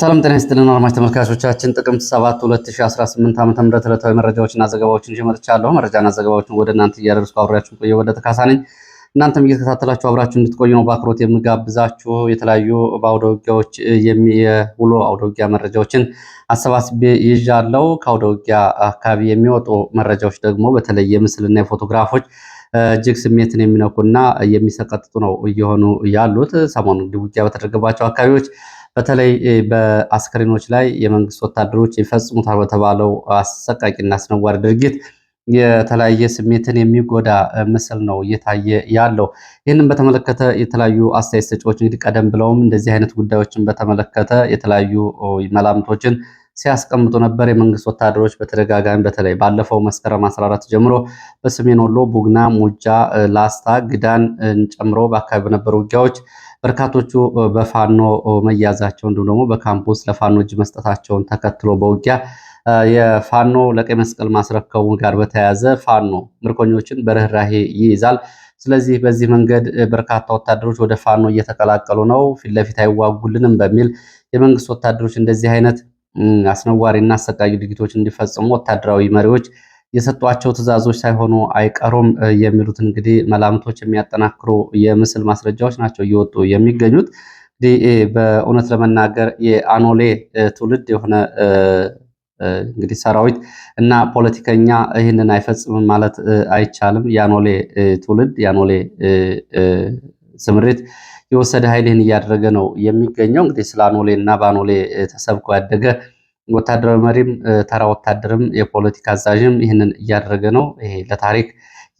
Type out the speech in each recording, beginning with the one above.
ሰላም ጤና ይስጥልን አድማጭ ተመልካቾቻችን፣ ጥቅምት 7 2018 ዓ.ም ዕለታዊ መረጃዎችና ዘገባዎችን ይዤ መጥቻለሁ። መረጃና ዘገባዎችን ወደ እናንተ እያደረስኩ አብሬያችሁ ቆየ ወደ ተካሳነኝ እናንተም እየተከታተላችሁ አብራችሁ እንድትቆዩ ነው በአክብሮት የምጋብዛችሁ። የተለያዩ በአውደ ውጊያዎች የሚውሉ አውደ ውጊያ መረጃዎችን አሰባስቤ ይዣለሁ። ከአውደ ውጊያ አካባቢ የሚወጡ መረጃዎች ደግሞ በተለይ የምስልና የፎቶግራፎች እጅግ ስሜትን የሚነኩና የሚሰቀጥጡ ነው እየሆኑ ያሉት። ሰሞኑን ውጊያ በተደረገባቸው አካባቢዎች በተለይ በአስከሬኖች ላይ የመንግስት ወታደሮች ይፈጽሙታል በተባለው አሰቃቂና አስነዋሪ ድርጊት የተለያየ ስሜትን የሚጎዳ ምስል ነው እየታየ ያለው። ይህንን በተመለከተ የተለያዩ አስተያየት ሰጪዎች እንግዲህ ቀደም ብለውም እንደዚህ አይነት ጉዳዮችን በተመለከተ የተለያዩ መላምቶችን ሲያስቀምጡ ነበር። የመንግስት ወታደሮች በተደጋጋሚ በተለይ ባለፈው መስከረም 14 ጀምሮ በሰሜን ወሎ ቡግና፣ ሙጃ፣ ላስታ፣ ግዳን ጨምሮ በአካባቢ በነበሩ ውጊያዎች በርካቶቹ በፋኖ መያዛቸው እንዲሁም ደግሞ በካምፖስ ለፋኖ እጅ መስጠታቸውን ተከትሎ በውጊያ የፋኖ ለቀይ መስቀል ማስረከቡ ጋር በተያያዘ ፋኖ ምርኮኞችን በርኅራሄ ይይዛል። ስለዚህ በዚህ መንገድ በርካታ ወታደሮች ወደ ፋኖ እየተቀላቀሉ ነው፣ ፊት ለፊት አይዋጉልንም በሚል የመንግስት ወታደሮች እንደዚህ አይነት አስነዋሪና አሰቃቂ ድርጊቶች እንዲፈጽሙ ወታደራዊ መሪዎች የሰጧቸው ትዕዛዞች ሳይሆኑ አይቀሩም የሚሉት እንግዲህ መላምቶች የሚያጠናክሩ የምስል ማስረጃዎች ናቸው እየወጡ የሚገኙት። በእውነት ለመናገር የአኖሌ ትውልድ የሆነ እንግዲህ ሰራዊት እና ፖለቲከኛ ይህንን አይፈጽምም ማለት አይቻልም። የአኖሌ ትውልድ የአኖሌ ስምሪት የወሰደ ኃይል ይህን እያደረገ ነው የሚገኘው። እንግዲህ ስለ አኖሌ እና በአኖሌ ተሰብኮ ያደገ ወታደራዊ መሪም ተራ ወታደርም የፖለቲካ አዛዥም ይህንን እያደረገ ነው። ይሄ ለታሪክ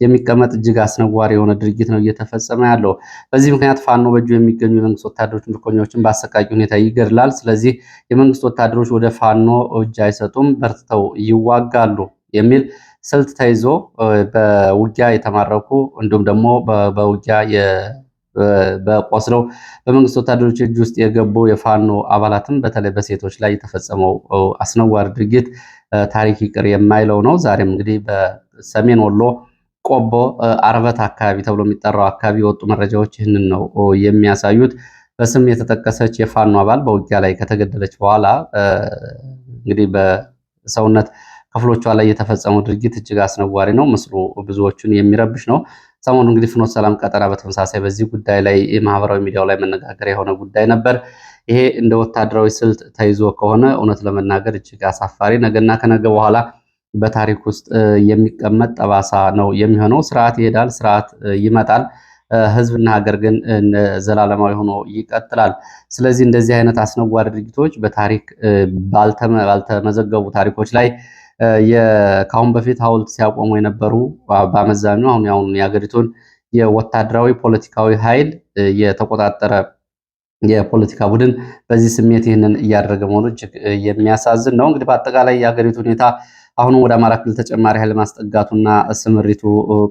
የሚቀመጥ እጅግ አስነዋሪ የሆነ ድርጊት ነው እየተፈጸመ ያለው። በዚህ ምክንያት ፋኖ በእጁ የሚገኙ የመንግስት ወታደሮች ምርኮኞችን በአሰቃቂ ሁኔታ ይገድላል። ስለዚህ የመንግስት ወታደሮች ወደ ፋኖ እጅ አይሰጡም፣ በርትተው ይዋጋሉ የሚል ስልት ተይዞ በውጊያ የተማረኩ እንዲሁም ደግሞ በውጊያ በቆስለው በመንግስት ወታደሮች እጅ ውስጥ የገቡ የፋኖ አባላትም በተለይ በሴቶች ላይ የተፈጸመው አስነዋሪ ድርጊት ታሪክ ይቅር የማይለው ነው። ዛሬም እንግዲህ በሰሜን ወሎ ቆቦ አርበት አካባቢ ተብሎ የሚጠራው አካባቢ የወጡ መረጃዎች ይህንን ነው የሚያሳዩት። በስም የተጠቀሰች የፋኖ አባል በውጊያ ላይ ከተገደለች በኋላ እንግዲህ በሰውነት ክፍሎቿ ላይ የተፈጸመው ድርጊት እጅግ አስነዋሪ ነው። ምስሉ ብዙዎቹን የሚረብሽ ነው። ሰሞኑ እንግዲህ ፍኖት ሰላም ቀጠና በተመሳሳይ በዚህ ጉዳይ ላይ ማህበራዊ ሚዲያው ላይ መነጋገሪያ የሆነ ጉዳይ ነበር። ይሄ እንደ ወታደራዊ ስልት ተይዞ ከሆነ እውነት ለመናገር እጅግ አሳፋሪ፣ ነገና ከነገ በኋላ በታሪክ ውስጥ የሚቀመጥ ጠባሳ ነው የሚሆነው። ስርዓት ይሄዳል፣ ስርዓት ይመጣል። ህዝብና ሀገር ግን ዘላለማዊ ሆኖ ይቀጥላል። ስለዚህ እንደዚህ አይነት አስነዋሪ ድርጊቶች በታሪክ ባልተመዘገቡ ታሪኮች ላይ ከአሁን በፊት ሀውልት ሲያቆሙ የነበሩ በአመዛኙ አሁን ያሁን የሀገሪቱን የወታደራዊ ፖለቲካዊ ኃይል የተቆጣጠረ የፖለቲካ ቡድን በዚህ ስሜት ይህንን እያደረገ መሆኑ እጅግ የሚያሳዝን ነው። እንግዲህ በአጠቃላይ የሀገሪቱ ሁኔታ አሁንም ወደ አማራ ክልል ተጨማሪ ኃይል ማስጠጋቱና ስምሪቱ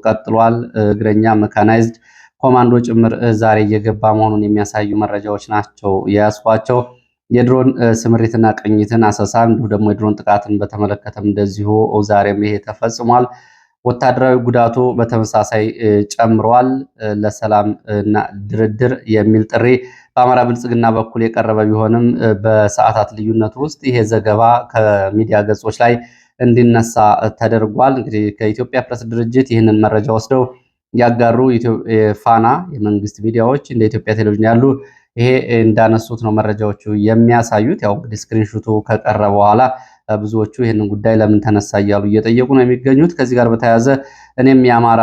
ቀጥሏል። እግረኛ መካናይዝድ ኮማንዶ ጭምር ዛሬ እየገባ መሆኑን የሚያሳዩ መረጃዎች ናቸው የያዝኳቸው። የድሮን ስምሪትና ቅኝትን አሰሳ፣ እንዲሁ ደግሞ የድሮን ጥቃትን በተመለከተም እንደዚሁ ዛሬም ይሄ ተፈጽሟል። ወታደራዊ ጉዳቱ በተመሳሳይ ጨምሯል። ለሰላም እና ድርድር የሚል ጥሪ በአማራ ብልጽግና በኩል የቀረበ ቢሆንም በሰዓታት ልዩነት ውስጥ ይሄ ዘገባ ከሚዲያ ገጾች ላይ እንዲነሳ ተደርጓል። እንግዲህ ከኢትዮጵያ ፕሬስ ድርጅት ይህንን መረጃ ወስደው ያጋሩ ፋና የመንግስት ሚዲያዎች እንደ ኢትዮጵያ ቴሌቪዥን ያሉ ይሄ እንዳነሱት ነው መረጃዎቹ የሚያሳዩት። ያው እንግዲህ ስክሪንሹቱ ከቀረ በኋላ ብዙዎቹ ይህንን ጉዳይ ለምን ተነሳ እያሉ እየጠየቁ ነው የሚገኙት። ከዚህ ጋር በተያያዘ እኔም የአማራ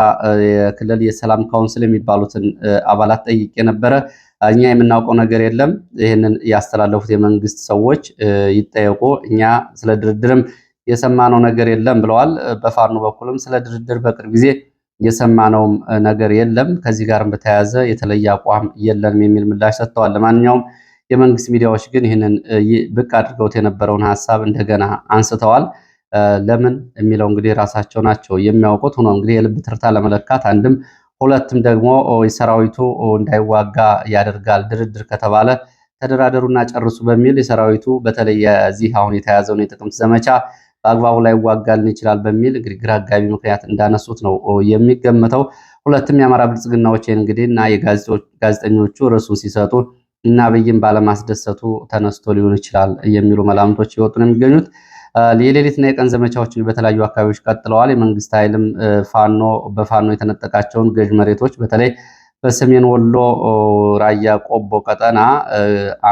ክልል የሰላም ካውንስል የሚባሉትን አባላት ጠይቄ ነበረ። እኛ የምናውቀው ነገር የለም፣ ይህንን ያስተላለፉት የመንግስት ሰዎች ይጠየቁ፣ እኛ ስለ ድርድርም የሰማነው ነገር የለም ብለዋል። በፋኖ በኩልም ስለ ድርድር በቅርብ ጊዜ የሰማነውም ነገር የለም፣ ከዚህ ጋርም በተያያዘ የተለየ አቋም የለንም የሚል ምላሽ ሰጥተዋል። ለማንኛውም የመንግስት ሚዲያዎች ግን ይህንን ብቅ አድርገውት የነበረውን ሀሳብ እንደገና አንስተዋል። ለምን የሚለው እንግዲህ ራሳቸው ናቸው የሚያውቁት። ሆኖ እንግዲህ የልብ ትርታ ለመለካት አንድም ሁለትም ደግሞ ሰራዊቱ እንዳይዋጋ ያደርጋል። ድርድር ከተባለ ተደራደሩና ጨርሱ በሚል የሰራዊቱ በተለይ የዚህ አሁን የተያዘውን የጥቅምት ዘመቻ በአግባቡ ላይ ላይዋጋልን ይችላል በሚል እንግዲህ ግራ አጋቢ ምክንያት እንዳነሱት ነው የሚገመተው። ሁለትም የአማራ ብልጽግናዎች እንግዲህ እና የጋዜጠኞቹ ርዕሱን ሲሰጡ እና አብይን ባለማስደሰቱ ተነስቶ ሊሆን ይችላል የሚሉ መላምቶች የወጡ ነው የሚገኙት። የሌሊትና የቀን ዘመቻዎችን በተለያዩ አካባቢዎች ቀጥለዋል። የመንግስት ኃይልም ፋኖ በፋኖ የተነጠቃቸውን ገዥ መሬቶች በተለይ በሰሜን ወሎ ራያ ቆቦ ቀጠና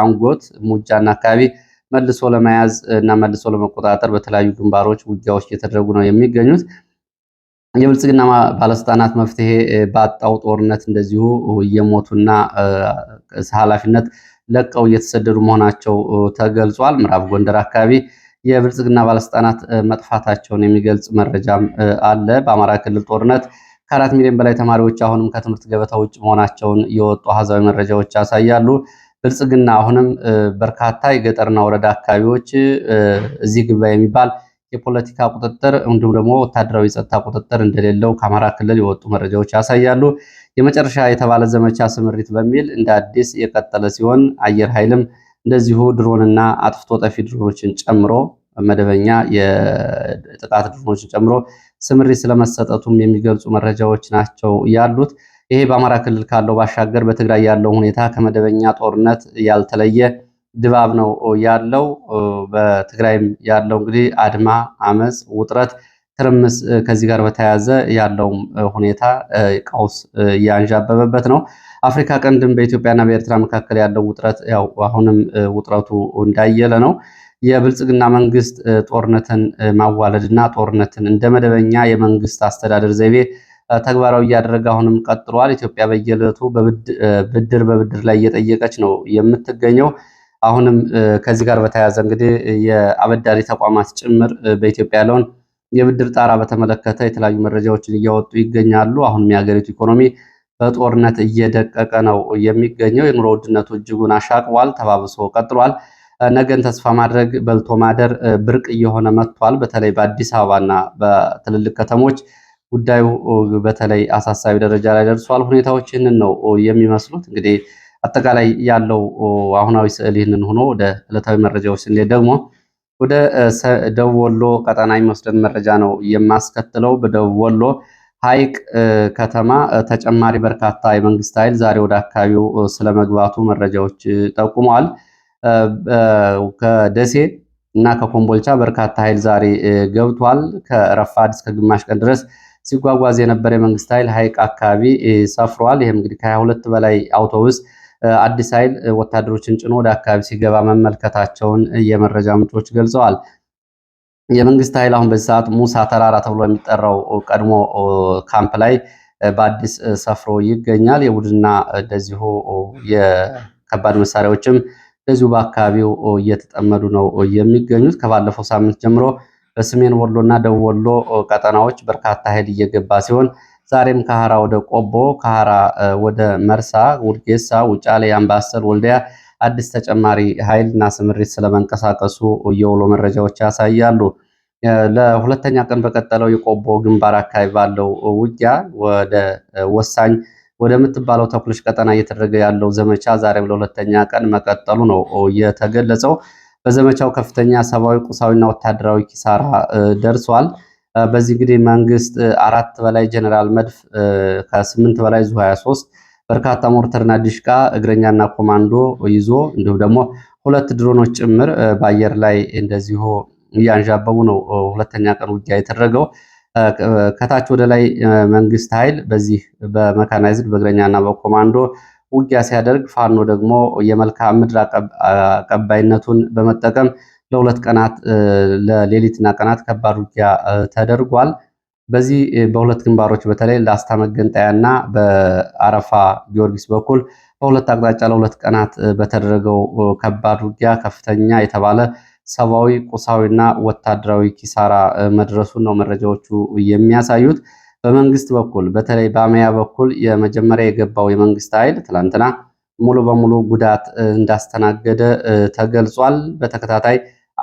አንጎት ሙጃና አካባቢ መልሶ ለመያዝ እና መልሶ ለመቆጣጠር በተለያዩ ግንባሮች ውጊያዎች እየተደረጉ ነው የሚገኙት። የብልጽግና ባለስልጣናት መፍትሄ ባጣው ጦርነት እንደዚሁ እየሞቱና ኃላፊነት ለቀው እየተሰደዱ መሆናቸው ተገልጿል። ምዕራብ ጎንደር አካባቢ የብልጽግና ባለስልጣናት መጥፋታቸውን የሚገልጽ መረጃም አለ። በአማራ ክልል ጦርነት ከአራት ሚሊዮን በላይ ተማሪዎች አሁንም ከትምህርት ገበታ ውጭ መሆናቸውን የወጡ አሃዛዊ መረጃዎች ያሳያሉ። ብልጽግና አሁንም በርካታ የገጠርና ወረዳ አካባቢዎች እዚህ ግባ የሚባል የፖለቲካ ቁጥጥር እንዲሁም ደግሞ ወታደራዊ ጸጥታ ቁጥጥር እንደሌለው ከአማራ ክልል የወጡ መረጃዎች ያሳያሉ። የመጨረሻ የተባለ ዘመቻ ስምሪት በሚል እንደ አዲስ የቀጠለ ሲሆን አየር ኃይልም እንደዚሁ ድሮንና አጥፍቶ ጠፊ ድሮኖችን ጨምሮ መደበኛ የጥቃት ድሮኖችን ጨምሮ ስምሪት ስለመሰጠቱም የሚገልጹ መረጃዎች ናቸው ያሉት። ይሄ በአማራ ክልል ካለው ባሻገር በትግራይ ያለው ሁኔታ ከመደበኛ ጦርነት ያልተለየ ድባብ ነው ያለው። በትግራይም ያለው እንግዲህ አድማ፣ አመፅ፣ ውጥረት፣ ትርምስ ከዚህ ጋር በተያያዘ ያለውም ሁኔታ ቀውስ እያንዣበበበት ነው። አፍሪካ ቀንድም በኢትዮጵያና በኤርትራ መካከል ያለው ውጥረት ያው አሁንም ውጥረቱ እንዳየለ ነው። የብልጽግና መንግስት ጦርነትን ማዋለድና ጦርነትን እንደ መደበኛ የመንግስት አስተዳደር ዘይቤ ተግባራዊ እያደረገ አሁንም ቀጥሏል። ኢትዮጵያ በየዕለቱ ብድር በብድር ላይ እየጠየቀች ነው የምትገኘው። አሁንም ከዚህ ጋር በተያያዘ እንግዲህ የአበዳሪ ተቋማት ጭምር በኢትዮጵያ ያለውን የብድር ጣራ በተመለከተ የተለያዩ መረጃዎችን እያወጡ ይገኛሉ። አሁንም የሀገሪቱ ኢኮኖሚ በጦርነት እየደቀቀ ነው የሚገኘው። የኑሮ ውድነቱ እጅጉን አሻቅቧል፣ ተባብሶ ቀጥሏል። ነገን ተስፋ ማድረግ በልቶ ማደር ብርቅ እየሆነ መጥቷል። በተለይ በአዲስ አበባና በትልልቅ ከተሞች ጉዳዩ በተለይ አሳሳቢ ደረጃ ላይ ደርሷል። ሁኔታዎች ይህንን ነው የሚመስሉት። እንግዲህ አጠቃላይ ያለው አሁናዊ ስዕል ይህንን ሆኖ ወደ ዕለታዊ መረጃዎች ስንሄድ ደግሞ ወደ ደቡብ ወሎ ቀጠና የሚወስደን መረጃ ነው የማስከትለው። በደቡብ ወሎ ሐይቅ ከተማ ተጨማሪ በርካታ የመንግስት ኃይል ዛሬ ወደ አካባቢው ስለመግባቱ መረጃዎች ጠቁመዋል። ከደሴ እና ከኮምቦልቻ በርካታ ኃይል ዛሬ ገብቷል። ከረፋድ እስከ ግማሽ ቀን ድረስ ሲጓጓዝ የነበረ የመንግስት ኃይል ሐይቅ አካባቢ ሰፍሯል። ይህም እንግዲህ ከሀያ ሁለት በላይ አውቶቡስ አዲስ ኃይል ወታደሮችን ጭኖ ወደ አካባቢ ሲገባ መመልከታቸውን የመረጃ ምንጮች ገልጸዋል። የመንግስት ኃይል አሁን በዚህ ሰዓት ሙሳ ተራራ ተብሎ የሚጠራው ቀድሞ ካምፕ ላይ በአዲስ ሰፍሮ ይገኛል። የቡድንና እንደዚሁ የከባድ መሳሪያዎችም እንደዚሁ በአካባቢው እየተጠመዱ ነው የሚገኙት ከባለፈው ሳምንት ጀምሮ በሰሜን እና ደቡብ ወሎ ቀጠናዎች በርካታ ኃይል እየገባ ሲሆን ዛሬም ከሐራ ወደ ቆቦ፣ ከሐራ ወደ መርሳ፣ ውድጌሳ፣ ውጫሌ፣ አምባሰል፣ ወልዲያ አዲስ ተጨማሪ ኃይልና ስምሪት ስለመንቀሳቀሱ የውሎ መረጃዎች ያሳያሉ። ለሁለተኛ ቀን በቀጠለው የቆቦ ግንባር አካባቢ ባለው ውጊያ ወደ ወሳኝ ወደምትባለው ተኩሎች ቀጠና እየተደረገ ያለው ዘመቻ ዛሬም ለሁለተኛ ቀን መቀጠሉ ነው የተገለጸው። በዘመቻው ከፍተኛ ሰብአዊ፣ ቁሳዊና ወታደራዊ ኪሳራ ደርሷል። በዚህ እንግዲህ መንግስት አራት በላይ ጀነራል መድፍ ከስምንት በላይ ዙ 23 በርካታ ሞርተርና ዲሽቃ እግረኛና ኮማንዶ ይዞ እንዲሁም ደግሞ ሁለት ድሮኖች ጭምር በአየር ላይ እንደዚሁ እያንዣበቡ ነው። ሁለተኛ ቀን ውጊያ የተደረገው ከታች ወደ ላይ መንግስት ኃይል በዚህ በመካናይዝድ በእግረኛና በኮማንዶ ውጊያ ሲያደርግ ፋኖ ደግሞ የመልክዓ ምድር አቀባይነቱን በመጠቀም ለሁለት ቀናት ለሌሊትና ቀናት ከባድ ውጊያ ተደርጓል። በዚህ በሁለት ግንባሮች በተለይ ላስታ መገንጠያና በአረፋ ጊዮርጊስ በኩል በሁለት አቅጣጫ ለሁለት ቀናት በተደረገው ከባድ ውጊያ ከፍተኛ የተባለ ሰብአዊ፣ ቁሳዊና ወታደራዊ ኪሳራ መድረሱን ነው መረጃዎቹ የሚያሳዩት። በመንግስት በኩል በተለይ በአመያ በኩል የመጀመሪያ የገባው የመንግስት ኃይል ትላንትና ሙሉ በሙሉ ጉዳት እንዳስተናገደ ተገልጿል። በተከታታይ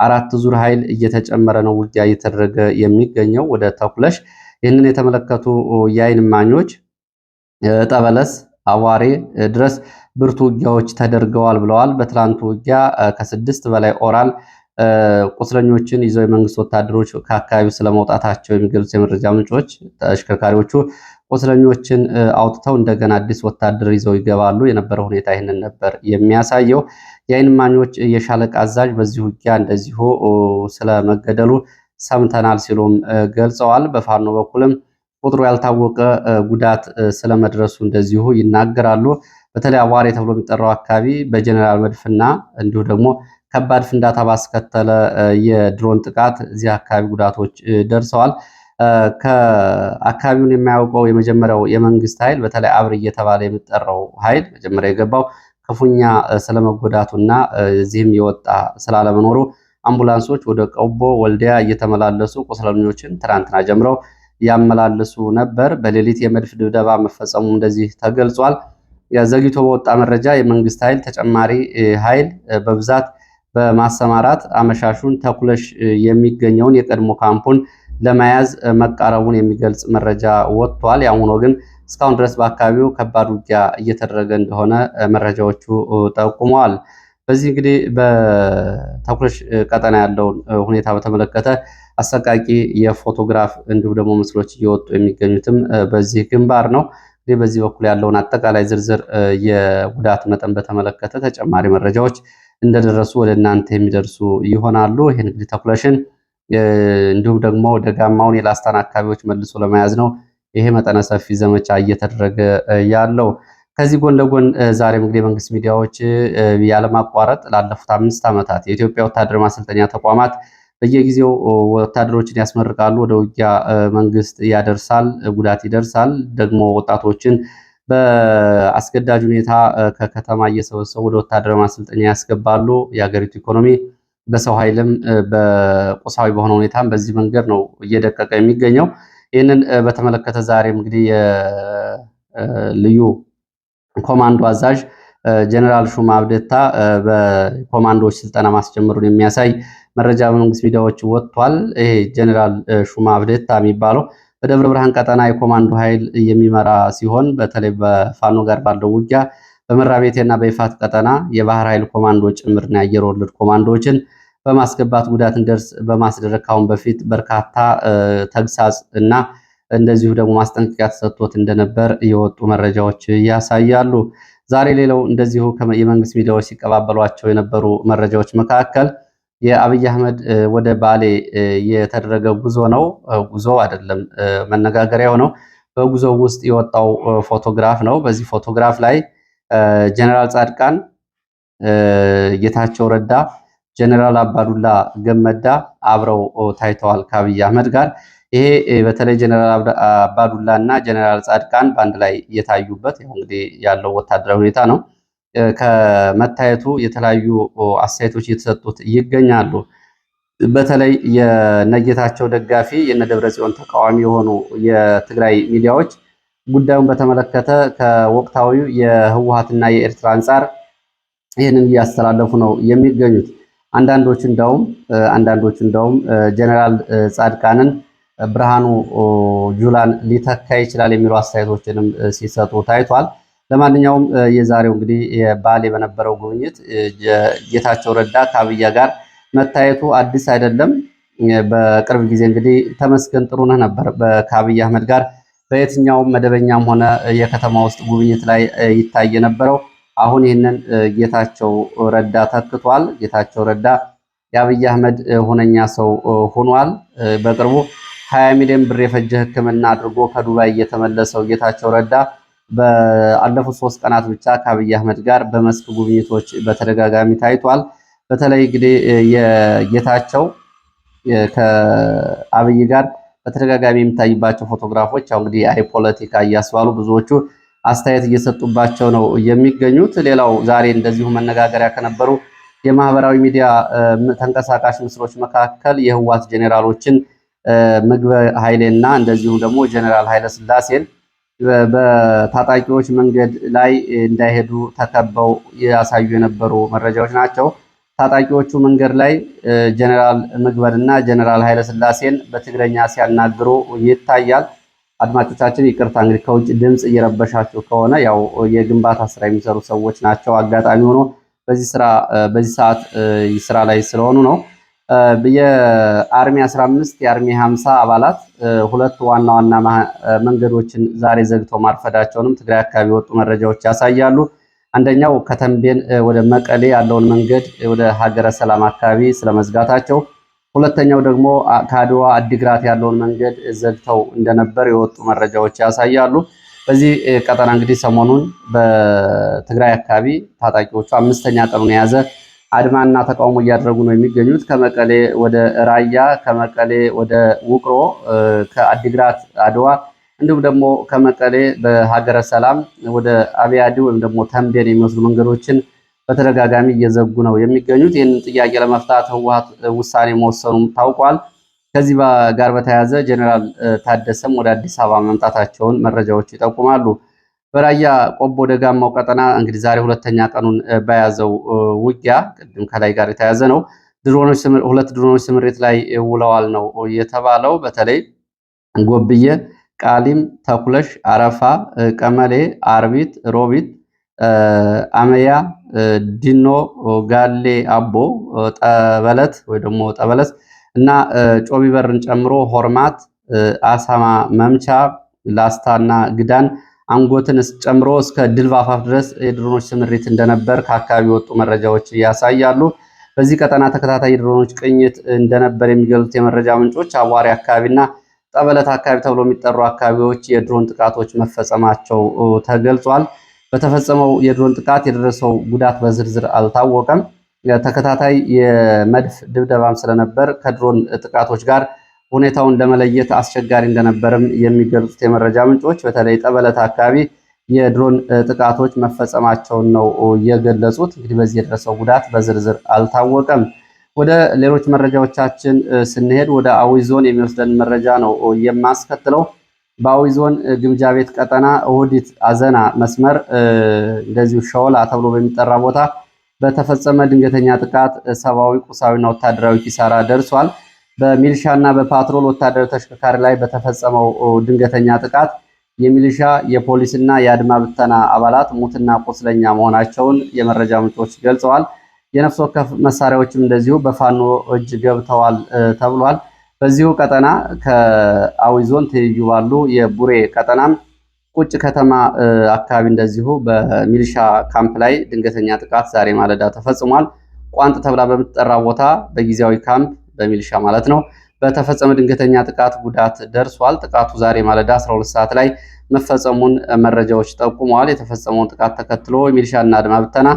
አራት ዙር ኃይል እየተጨመረ ነው ውጊያ እየተደረገ የሚገኘው ወደ ተኩለሽ። ይህንን የተመለከቱ የአይን ማኞች ጠበለስ አዋሬ ድረስ ብርቱ ውጊያዎች ተደርገዋል ብለዋል። በትላንቱ ውጊያ ከስድስት በላይ ኦራል ቁስለኞችን ይዘው የመንግስት ወታደሮች ከአካባቢው ስለመውጣታቸው የሚገልጹት የመረጃ ምንጮች ተሽከርካሪዎቹ ቁስለኞችን አውጥተው እንደገና አዲስ ወታደር ይዘው ይገባሉ። የነበረው ሁኔታ ይህንን ነበር የሚያሳየው። የአይን እማኞች የሻለቃ አዛዥ በዚህ ውጊያ እንደዚሁ ስለመገደሉ ሰምተናል ሲሉም ገልጸዋል። በፋኖ በኩልም ቁጥሩ ያልታወቀ ጉዳት ስለመድረሱ እንደዚሁ ይናገራሉ። በተለይ አዋሬ ተብሎ የሚጠራው አካባቢ በጀኔራል መድፍና እንዲሁ ደግሞ ከባድ ፍንዳታ ባስከተለ የድሮን ጥቃት እዚህ አካባቢ ጉዳቶች ደርሰዋል። ከአካባቢውን የማያውቀው የመጀመሪያው የመንግስት ኃይል በተለይ አብር እየተባለ የሚጠራው ኃይል መጀመሪያ የገባው ክፉኛ ስለመጎዳቱና እዚህም የወጣ ስላለመኖሩ አምቡላንሶች ወደ ቀቦ ወልዲያ እየተመላለሱ ቁስለኞችን ትናንትና ጀምረው ያመላለሱ ነበር። በሌሊት የመድፍ ድብደባ መፈጸሙ እንደዚህ ተገልጿል። ዘግይቶ በወጣ መረጃ የመንግስት ኃይል ተጨማሪ ኃይል በብዛት በማሰማራት አመሻሹን ተኩለሽ የሚገኘውን የቀድሞ ካምፑን ለመያዝ መቃረቡን የሚገልጽ መረጃ ወጥቷል። ያም ሆኖ ግን እስካሁን ድረስ በአካባቢው ከባድ ውጊያ እየተደረገ እንደሆነ መረጃዎቹ ጠቁመዋል። በዚህ እንግዲህ በተኩለሽ ቀጠና ያለውን ሁኔታ በተመለከተ አሰቃቂ የፎቶግራፍ እንዲሁም ደግሞ ምስሎች እየወጡ የሚገኙትም በዚህ ግንባር ነው። እንግዲህ በዚህ በኩል ያለውን አጠቃላይ ዝርዝር የጉዳት መጠን በተመለከተ ተጨማሪ መረጃዎች እንደደረሱ ወደ እናንተ የሚደርሱ ይሆናሉ። ይህ እንግዲህ ተኩለሽን እንዲሁም ደግሞ ደጋማውን የላስታን አካባቢዎች መልሶ ለመያዝ ነው ይሄ መጠነ ሰፊ ዘመቻ እየተደረገ ያለው። ከዚህ ጎን ለጎን ዛሬም እንግዲህ የመንግስት ሚዲያዎች ያለማቋረጥ ላለፉት አምስት ዓመታት የኢትዮጵያ ወታደር ማሰልጠኛ ተቋማት በየጊዜው ወታደሮችን ያስመርቃሉ፣ ወደ ውጊያ መንግስት ያደርሳል፣ ጉዳት ይደርሳል፣ ደግሞ ወጣቶችን በአስገዳጅ ሁኔታ ከከተማ እየሰበሰቡ ወደ ወታደራዊ ማሰልጠኛ ያስገባሉ። የሀገሪቱ ኢኮኖሚ በሰው ኃይልም በቁሳዊ በሆነ ሁኔታም በዚህ መንገድ ነው እየደቀቀ የሚገኘው። ይህንን በተመለከተ ዛሬም እንግዲህ የልዩ ኮማንዶ አዛዥ ጀኔራል ሹማ አብደታ በኮማንዶዎች ስልጠና ማስጀመሩን የሚያሳይ መረጃ በመንግስት ሚዲያዎች ወጥቷል። ይሄ ጀኔራል ሹማ አብደታ የሚባለው በደብረ ብርሃን ቀጠና የኮማንዶ ኃይል የሚመራ ሲሆን በተለይ በፋኖ ጋር ባለው ውጊያ በመራቤቴና በይፋት ቀጠና የባህር ኃይል ኮማንዶ ጭምርና የአየር ወለድ ኮማንዶዎችን በማስገባት ጉዳት እንደርስ በማስደረግ ካሁን በፊት በርካታ ተግሳጽ እና እንደዚሁ ደግሞ ማስጠንቀቂያ ተሰጥቶት እንደነበር የወጡ መረጃዎች ያሳያሉ። ዛሬ ሌላው እንደዚሁ የመንግስት ሚዲያዎች ሲቀባበሏቸው የነበሩ መረጃዎች መካከል የአብይ አህመድ ወደ ባሌ የተደረገ ጉዞ ነው። ጉዞ አይደለም መነጋገሪያው ነው። በጉዞ ውስጥ የወጣው ፎቶግራፍ ነው። በዚህ ፎቶግራፍ ላይ ጀነራል ጻድቃን፣ ጌታቸው ረዳ፣ ጀነራል አባዱላ ገመዳ አብረው ታይተዋል ከአብይ አህመድ ጋር። ይሄ በተለይ ጀነራል አባዱላ እና ጀነራል ጻድቃን በአንድ ላይ እየታዩበት እንግዲህ ያለው ወታደራዊ ሁኔታ ነው። ከመታየቱ የተለያዩ አስተያየቶች እየተሰጡት ይገኛሉ። በተለይ የነጌታቸው ደጋፊ የነደብረ ጽዮን ተቃዋሚ የሆኑ የትግራይ ሚዲያዎች ጉዳዩን በተመለከተ ከወቅታዊው የህወሀትና የኤርትራ አንጻር ይህንን እያስተላለፉ ነው የሚገኙት። አንዳንዶቹ እንደውም አንዳንዶች እንደውም ጀኔራል ጻድቃንን ብርሃኑ ጁላን ሊተካ ይችላል የሚሉ አስተያየቶችንም ሲሰጡ ታይቷል። ለማንኛውም የዛሬው እንግዲህ ባሌ በነበረው ጉብኝት ጌታቸው ረዳ ከአብያ ጋር መታየቱ አዲስ አይደለም። በቅርብ ጊዜ እንግዲህ ተመስገን ጥሩነህ ነበር ከአብይ አህመድ ጋር በየትኛውም መደበኛም ሆነ የከተማ ውስጥ ጉብኝት ላይ ይታይ የነበረው። አሁን ይህንን ጌታቸው ረዳ ተክቷል። ጌታቸው ረዳ የአብይ አህመድ ሁነኛ ሰው ሆኗል። በቅርቡ ሀያ ሚሊዮን ብር የፈጀ ሕክምና አድርጎ ከዱባይ እየተመለሰው ጌታቸው ረዳ በአለፉት ሶስት ቀናት ብቻ ከአብይ አህመድ ጋር በመስክ ጉብኝቶች በተደጋጋሚ ታይቷል። በተለይ እንግዲህ የጌታቸው ከአብይ ጋር በተደጋጋሚ የሚታይባቸው ፎቶግራፎች ያው እንግዲህ አይ ፖለቲካ እያስባሉ ብዙዎቹ አስተያየት እየሰጡባቸው ነው የሚገኙት። ሌላው ዛሬ እንደዚሁ መነጋገሪያ ከነበሩ የማህበራዊ ሚዲያ ተንቀሳቃሽ ምስሎች መካከል የህዋት ጄኔራሎችን ምግበ ኃይሌና እንደዚሁም ደግሞ ጄኔራል ኃይለ ስላሴን በታጣቂዎች መንገድ ላይ እንዳይሄዱ ተከበው ያሳዩ የነበሩ መረጃዎች ናቸው። ታጣቂዎቹ መንገድ ላይ ጀነራል ምግበን እና ጀነራል ኃይለስላሴን በትግረኛ ሲያናግሩ ይታያል። አድማጮቻችን ይቅርታ እንግዲህ ከውጭ ድምፅ እየረበሻቸው ከሆነ ያው የግንባታ ስራ የሚሰሩ ሰዎች ናቸው። አጋጣሚ ሆኖ በዚህ ሰዓት ስራ ላይ ስለሆኑ ነው። የአርሚ 15 የአርሚ 50 አባላት ሁለት ዋና ዋና መንገዶችን ዛሬ ዘግተው ማርፈዳቸውንም ትግራይ አካባቢ የወጡ መረጃዎች ያሳያሉ። አንደኛው ከተምቤን ወደ መቀሌ ያለውን መንገድ ወደ ሀገረ ሰላም አካባቢ ስለመዝጋታቸው፣ ሁለተኛው ደግሞ ከአድዋ አዲግራት ያለውን መንገድ ዘግተው እንደነበር የወጡ መረጃዎች ያሳያሉ። በዚህ ቀጠና እንግዲህ ሰሞኑን በትግራይ አካባቢ ታጣቂዎቹ አምስተኛ ቀኑን የያዘ አድማና ተቃውሞ እያደረጉ ነው የሚገኙት። ከመቀሌ ወደ ራያ፣ ከመቀሌ ወደ ውቅሮ፣ ከአዲግራት አድዋ እንዲሁም ደግሞ ከመቀሌ በሀገረ ሰላም ወደ አብያዲ ወይም ደግሞ ተምቤን የሚወስዱ መንገዶችን በተደጋጋሚ እየዘጉ ነው የሚገኙት። ይህንን ጥያቄ ለመፍታት ህወሓት ውሳኔ መወሰኑም ታውቋል። ከዚህ ጋር በተያያዘ ጀኔራል ታደሰም ወደ አዲስ አበባ መምጣታቸውን መረጃዎች ይጠቁማሉ። በራያ ቆቦ ደጋማው ቀጠና እንግዲህ ዛሬ ሁለተኛ ቀኑን በያዘው ውጊያ ቅድም ከላይ ጋር የተያዘ ነው። ሁለት ድሮኖች ስምሪት ላይ ውለዋል ነው የተባለው። በተለይ ጎብዬ፣ ቃሊም፣ ተኩለሽ፣ አረፋ፣ ቀመሌ፣ አርቢት፣ ሮቢት፣ አመያ፣ ዲኖ፣ ጋሌ አቦ፣ ጠበለት ወይ ደግሞ ጠበለት እና ጮቢበርን ጨምሮ ሆርማት፣ አሳማ መምቻ፣ ላስታና ግዳን አንጎትን ጨምሮ እስከ ድልብ አፋፍ ድረስ የድሮኖች ስምሪት እንደነበር ከአካባቢ የወጡ መረጃዎች ያሳያሉ። በዚህ ቀጠና ተከታታይ የድሮኖች ቅኝት እንደነበር የሚገልጹት የመረጃ ምንጮች አዋሪ አካባቢና ጠበለት አካባቢ ተብሎ የሚጠሩ አካባቢዎች የድሮን ጥቃቶች መፈጸማቸው ተገልጿል። በተፈጸመው የድሮን ጥቃት የደረሰው ጉዳት በዝርዝር አልታወቀም። ተከታታይ የመድፍ ድብደባም ስለነበር ከድሮን ጥቃቶች ጋር ሁኔታውን ለመለየት አስቸጋሪ እንደነበረም የሚገልጹት የመረጃ ምንጮች በተለይ ጠበለት አካባቢ የድሮን ጥቃቶች መፈጸማቸውን ነው የገለጹት። እንግዲህ በዚህ የደረሰው ጉዳት በዝርዝር አልታወቀም። ወደ ሌሎች መረጃዎቻችን ስንሄድ ወደ አዊ ዞን የሚወስደን መረጃ ነው የማስከትለው። በአዊ ዞን ግምጃ ቤት ቀጠና እሁዲት አዘና መስመር እንደዚሁ ሸወላ ተብሎ በሚጠራ ቦታ በተፈጸመ ድንገተኛ ጥቃት ሰብአዊ፣ ቁሳዊና ወታደራዊ ኪሳራ ደርሷል። በሚሊሻና በፓትሮል ወታደር ተሽከርካሪ ላይ በተፈጸመው ድንገተኛ ጥቃት የሚሊሻ የፖሊስና የአድማ ብተና አባላት ሙትና ቁስለኛ መሆናቸውን የመረጃ ምንጮች ገልጸዋል። የነፍስ ወከፍ መሳሪያዎችም እንደዚሁ በፋኖ እጅ ገብተዋል ተብሏል። በዚሁ ቀጠና ከአዊ ዞን ትይዩ ባሉ የቡሬ ቀጠናም ቁጭ ከተማ አካባቢ እንደዚሁ በሚሊሻ ካምፕ ላይ ድንገተኛ ጥቃት ዛሬ ማለዳ ተፈጽሟል። ቋንጥ ተብላ በምትጠራ ቦታ በጊዜያዊ ካምፕ በሚልሻ ማለት ነው በተፈጸመ ድንገተኛ ጥቃት ጉዳት ደርሷል። ጥቃቱ ዛሬ ማለዳ 12 ሰዓት ላይ መፈጸሙን መረጃዎች ጠቁመዋል። የተፈጸመውን ጥቃት ተከትሎ ሚሊሻና አድማ ብተና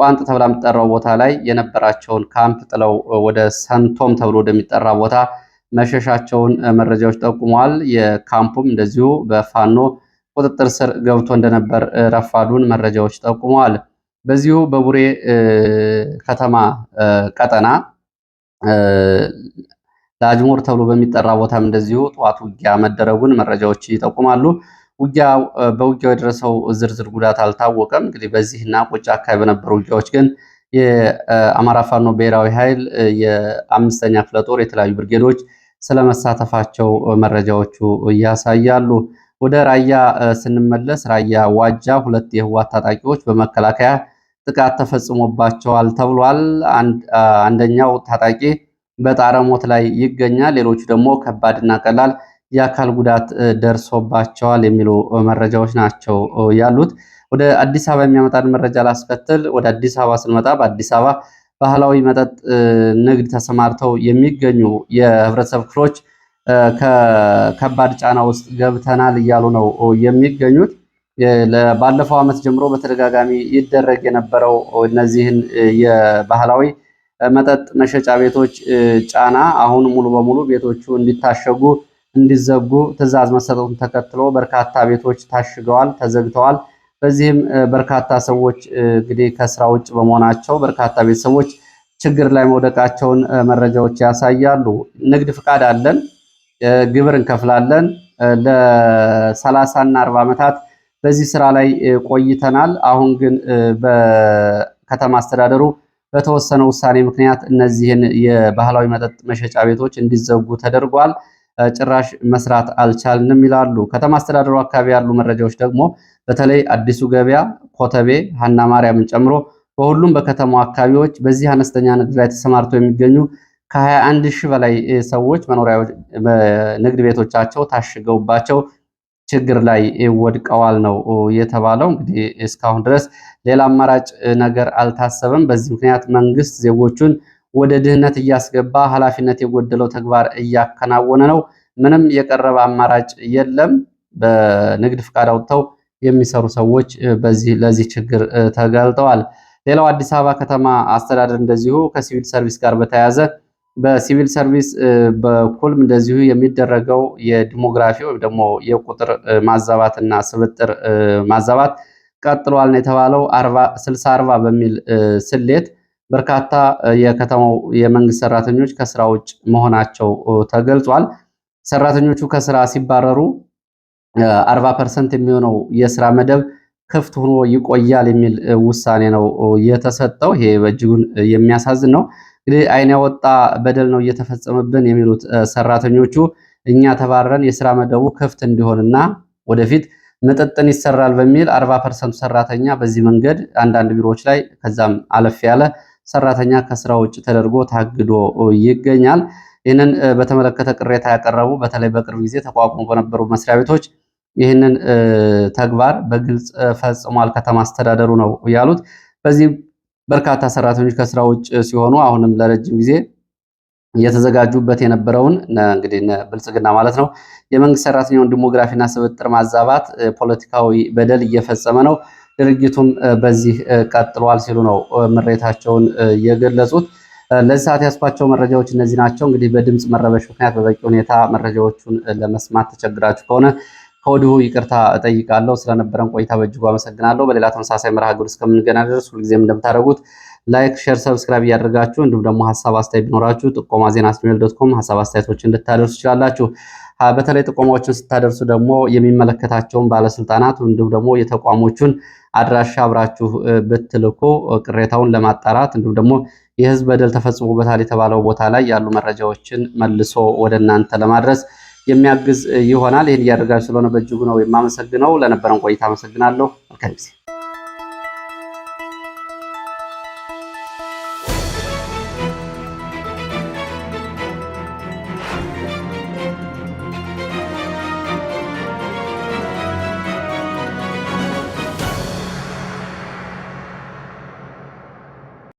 ቋንጥ ተብላ የሚጠራው ቦታ ላይ የነበራቸውን ካምፕ ጥለው ወደ ሰንቶም ተብሎ ወደሚጠራ ቦታ መሸሻቸውን መረጃዎች ጠቁመዋል። የካምፑም እንደዚሁ በፋኖ ቁጥጥር ስር ገብቶ እንደነበር ረፋዱን መረጃዎች ጠቁመዋል። በዚሁ በቡሬ ከተማ ቀጠና ለአጅሙር ተብሎ በሚጠራ ቦታም እንደዚሁ ጠዋት ውጊያ መደረጉን መረጃዎች ይጠቁማሉ። ውጊያ በውጊያው የደረሰው ዝርዝር ጉዳት አልታወቀም። እንግዲህ በዚህና ቁጭ አካባቢ በነበሩ ውጊያዎች ግን የአማራ ፋኖ ብሔራዊ ኃይል የአምስተኛ ክፍለ ጦር የተለያዩ ብርጌዶች ስለመሳተፋቸው መረጃዎቹ ያሳያሉ። ወደ ራያ ስንመለስ ራያ ዋጃ ሁለት የህዋት ታጣቂዎች በመከላከያ ጥቃት ተፈጽሞባቸዋል ተብሏል። አንደኛው ታጣቂ በጣረሞት ላይ ይገኛል። ሌሎቹ ደግሞ ከባድና ቀላል የአካል ጉዳት ደርሶባቸዋል የሚሉ መረጃዎች ናቸው ያሉት። ወደ አዲስ አበባ የሚያመጣን መረጃ ላስከትል። ወደ አዲስ አበባ ስንመጣ በአዲስ አበባ ባህላዊ መጠጥ ንግድ ተሰማርተው የሚገኙ የህብረተሰብ ክፍሎች ከከባድ ጫና ውስጥ ገብተናል እያሉ ነው የሚገኙት። ባለፈው ዓመት ጀምሮ በተደጋጋሚ ይደረግ የነበረው እነዚህን የባህላዊ መጠጥ መሸጫ ቤቶች ጫና አሁን ሙሉ በሙሉ ቤቶቹ እንዲታሸጉ እንዲዘጉ ትዕዛዝ መሰጠቱን ተከትሎ በርካታ ቤቶች ታሽገዋል፣ ተዘግተዋል። በዚህም በርካታ ሰዎች እንግዲህ ከስራ ውጭ በመሆናቸው በርካታ ቤተሰቦች ችግር ላይ መውደቃቸውን መረጃዎች ያሳያሉ። ንግድ ፍቃድ አለን፣ ግብር እንከፍላለን ለሰላሳ እና አርባ ዓመታት በዚህ ስራ ላይ ቆይተናል። አሁን ግን በከተማ አስተዳደሩ በተወሰነ ውሳኔ ምክንያት እነዚህን የባህላዊ መጠጥ መሸጫ ቤቶች እንዲዘጉ ተደርጓል። ጭራሽ መስራት አልቻልንም ይላሉ። ከተማ አስተዳደሩ አካባቢ ያሉ መረጃዎች ደግሞ በተለይ አዲሱ ገበያ፣ ኮተቤ፣ ሀና ማርያምን ጨምሮ በሁሉም በከተማው አካባቢዎች በዚህ አነስተኛ ንግድ ላይ ተሰማርተው የሚገኙ ከ21 ሺህ በላይ ሰዎች መኖሪያ ንግድ ቤቶቻቸው ታሽገውባቸው ችግር ላይ ወድቀዋል ነው የተባለው። እንግዲህ እስካሁን ድረስ ሌላ አማራጭ ነገር አልታሰበም። በዚህ ምክንያት መንግስት ዜጎቹን ወደ ድህነት እያስገባ ኃላፊነት የጎደለው ተግባር እያከናወነ ነው። ምንም የቀረበ አማራጭ የለም። በንግድ ፍቃድ አውጥተው የሚሰሩ ሰዎች ለዚህ ችግር ተጋልጠዋል። ሌላው አዲስ አበባ ከተማ አስተዳደር እንደዚሁ ከሲቪል ሰርቪስ ጋር በተያያዘ በሲቪል ሰርቪስ በኩልም እንደዚሁ የሚደረገው የዲሞግራፊ ወይም ደግሞ የቁጥር ማዛባት እና ስብጥር ማዛባት ቀጥሏል ነው የተባለው። ስልሳ አርባ በሚል ስሌት በርካታ የከተማው የመንግስት ሰራተኞች ከስራ ውጭ መሆናቸው ተገልጿል። ሰራተኞቹ ከስራ ሲባረሩ አርባ ፐርሰንት የሚሆነው የስራ መደብ ክፍት ሆኖ ይቆያል የሚል ውሳኔ ነው የተሰጠው። ይሄ በእጅጉን የሚያሳዝን ነው። እንግዲህ አይን ያወጣ በደል ነው እየተፈጸመብን የሚሉት ሰራተኞቹ እኛ ተባረን የስራ መደቡ ክፍት እንዲሆንና ወደፊት መጠጥን ይሰራል በሚል አርባ ፐርሰንቱ ሰራተኛ በዚህ መንገድ አንዳንድ ቢሮዎች ላይ ከዛም አለፍ ያለ ሰራተኛ ከስራ ውጭ ተደርጎ ታግዶ ይገኛል። ይህንን በተመለከተ ቅሬታ ያቀረቡ በተለይ በቅርብ ጊዜ ተቋቁሞ በነበሩ መስሪያ ቤቶች ይህንን ተግባር በግልጽ ፈጽሟል ከተማ አስተዳደሩ ነው ያሉት። በዚህ በርካታ ሰራተኞች ከስራ ውጭ ሲሆኑ አሁንም ለረጅም ጊዜ እየተዘጋጁበት የነበረውን እንግዲህ ብልጽግና ማለት ነው የመንግስት ሰራተኛውን ዲሞግራፊና ስብጥር ማዛባት ፖለቲካዊ በደል እየፈጸመ ነው፣ ድርጊቱም በዚህ ቀጥሏል ሲሉ ነው ምሬታቸውን የገለጹት። ለዚህ ሰዓት ያስኳቸው መረጃዎች እነዚህ ናቸው። እንግዲህ በድምፅ መረበሽ ምክንያት በበቂ ሁኔታ መረጃዎቹን ለመስማት ተቸግራችሁ ከሆነ ከወዲሁ ይቅርታ እጠይቃለሁ። ስለነበረን ቆይታ በእጅጉ አመሰግናለሁ። በሌላ ተመሳሳይ መርሃ ግብር እስከምንገና ድረስ ሁልጊዜም እንደምታደርጉት ላይክ፣ ሼር፣ ሰብስክራይብ እያደረጋችሁ እንዲሁም ደግሞ ሀሳብ አስተያየት ቢኖራችሁ ጥቆማ ዜና ጂሜል ዶት ኮም ሀሳብ አስተያየቶች እንድታደርሱ ይችላላችሁ። በተለይ ጥቆማዎችን ስታደርሱ ደግሞ የሚመለከታቸውን ባለስልጣናት እንዲሁም ደግሞ የተቋሞቹን አድራሻ አብራችሁ ብትልኩ ቅሬታውን ለማጣራት እንዲሁም ደግሞ የህዝብ በደል ተፈጽሞበታል የተባለው ቦታ ላይ ያሉ መረጃዎችን መልሶ ወደ እናንተ ለማድረስ የሚያግዝ ይሆናል። ይህን እያደረጋችሁ ስለሆነ በእጅጉ ነው የማመሰግነው። ለነበረን ቆይታ አመሰግናለሁ። መልካም ጊዜ